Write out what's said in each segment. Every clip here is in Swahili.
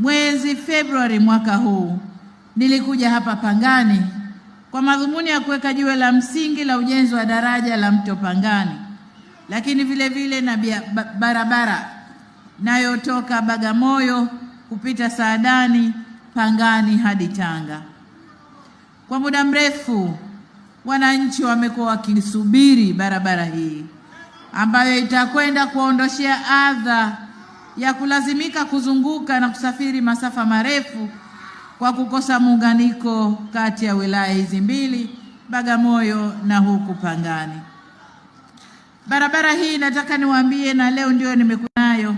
Mwezi Februari mwaka huu nilikuja hapa Pangani kwa madhumuni ya kuweka jiwe la msingi la ujenzi wa daraja la mto Pangani, lakini vile vile na barabara nayotoka Bagamoyo kupita Saadani, Pangani hadi Tanga. Kwa muda mrefu wananchi wamekuwa wakisubiri barabara hii ambayo itakwenda kuondoshea adha ya kulazimika kuzunguka na kusafiri masafa marefu kwa kukosa muunganiko kati ya wilaya hizi mbili, Bagamoyo na huku Pangani. Barabara hii nataka niwaambie, na leo ndio nimekunayo,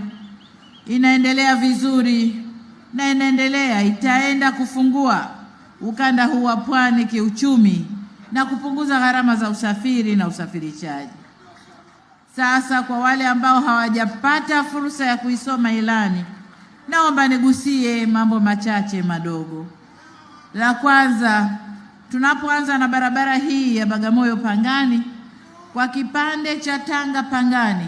inaendelea vizuri na inaendelea itaenda kufungua ukanda huu wa pwani kiuchumi na kupunguza gharama za usafiri na usafirishaji. Sasa kwa wale ambao hawajapata fursa ya kuisoma ilani, naomba nigusie mambo machache madogo. La kwanza, tunapoanza na barabara hii ya Bagamoyo Pangani, kwa kipande cha Tanga Pangani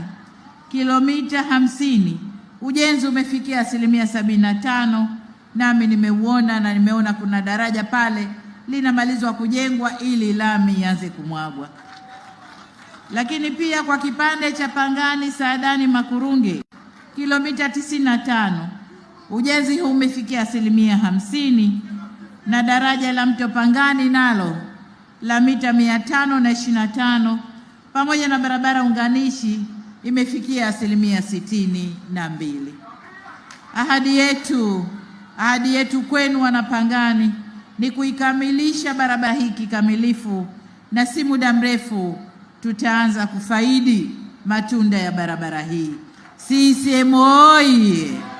kilomita hamsini, ujenzi umefikia asilimia sabini na tano. Nami nimeuona na nimeona kuna daraja pale linamalizwa kujengwa ili lami ianze kumwagwa lakini pia kwa kipande cha Pangani Saadani Makurunge kilomita 95 ujenzi huu umefikia asilimia hamsini na daraja la mto Pangani nalo la mita mia tano na ishirini tano pamoja na barabara unganishi imefikia asilimia sitini na mbili. Ahadi yetu ahadi yetu kwenu Wanapangani ni kuikamilisha barabara hii kikamilifu na si muda mrefu tutaanza kufaidi matunda ya barabara hii. CCM oyee!